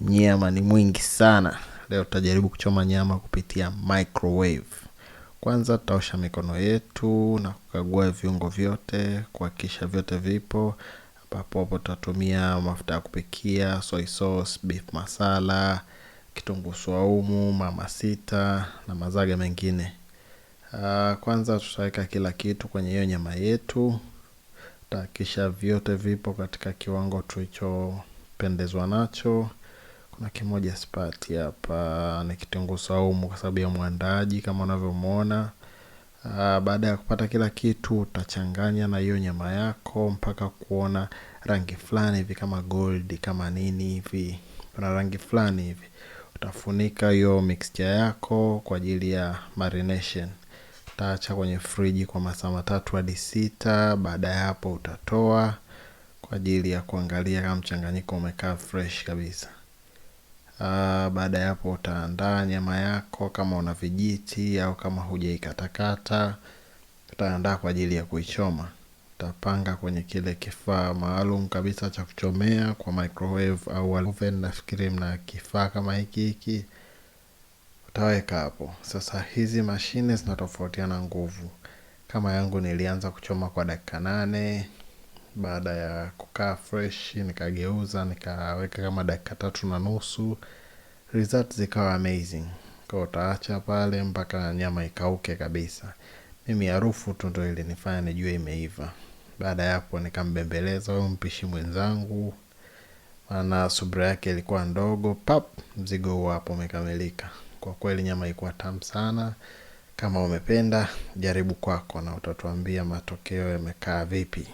nyama ni mwingi sana. Leo tutajaribu kuchoma nyama kupitia microwave. Kwanza tutaosha mikono yetu na kukagua viungo vyote, kuhakikisha vyote vipo. Ambapo hapo tutatumia mafuta ya kupikia, soy sauce, beef masala, kitungu swaumu, mamasita na mazaga mengine. Ah, kwanza tutaweka kila kitu kwenye hiyo nyama yetu. Tutahakikisha vyote vipo katika kiwango tulichopendezwa nacho kuna kimoja spati hapa ni kitunguu saumu kwa sababu ya mwandaji kama unavyomwona. Ah, baada ya kupata kila kitu utachanganya na hiyo nyama yako mpaka kuona rangi fulani hivi kama gold kama nini hivi. Kuna rangi fulani hivi. Utafunika hiyo mixture yako kwa ajili ya marination. Utaacha kwenye friji kwa masaa matatu hadi sita. Baada ya hapo utatoa kwa ajili ya kuangalia kama mchanganyiko umekaa fresh kabisa. Ah, baada ya hapo utaandaa nyama yako kama una vijiti au kama hujaikatakata utaandaa kwa ajili ya kuichoma utapanga kwenye kile kifaa maalum kabisa cha kuchomea kwa microwave au oven nafikiri mna kifaa kama hiki hiki utaweka hapo sasa hizi mashine zinatofautiana nguvu kama yangu nilianza kuchoma kwa dakika nane baada ya kukaa fresh nikageuza nikaweka kama dakika tatu na nusu result zikawa amazing kwa utaacha pale mpaka nyama ikauke kabisa mimi harufu tu ndo ilinifanya nijue imeiva baada ya hapo nikambembeleza huyo mpishi mwenzangu maana subra yake ilikuwa ndogo pap mzigo huo hapo umekamilika kwa kweli nyama ilikuwa tamu sana kama umependa jaribu kwako na utatuambia matokeo yamekaa vipi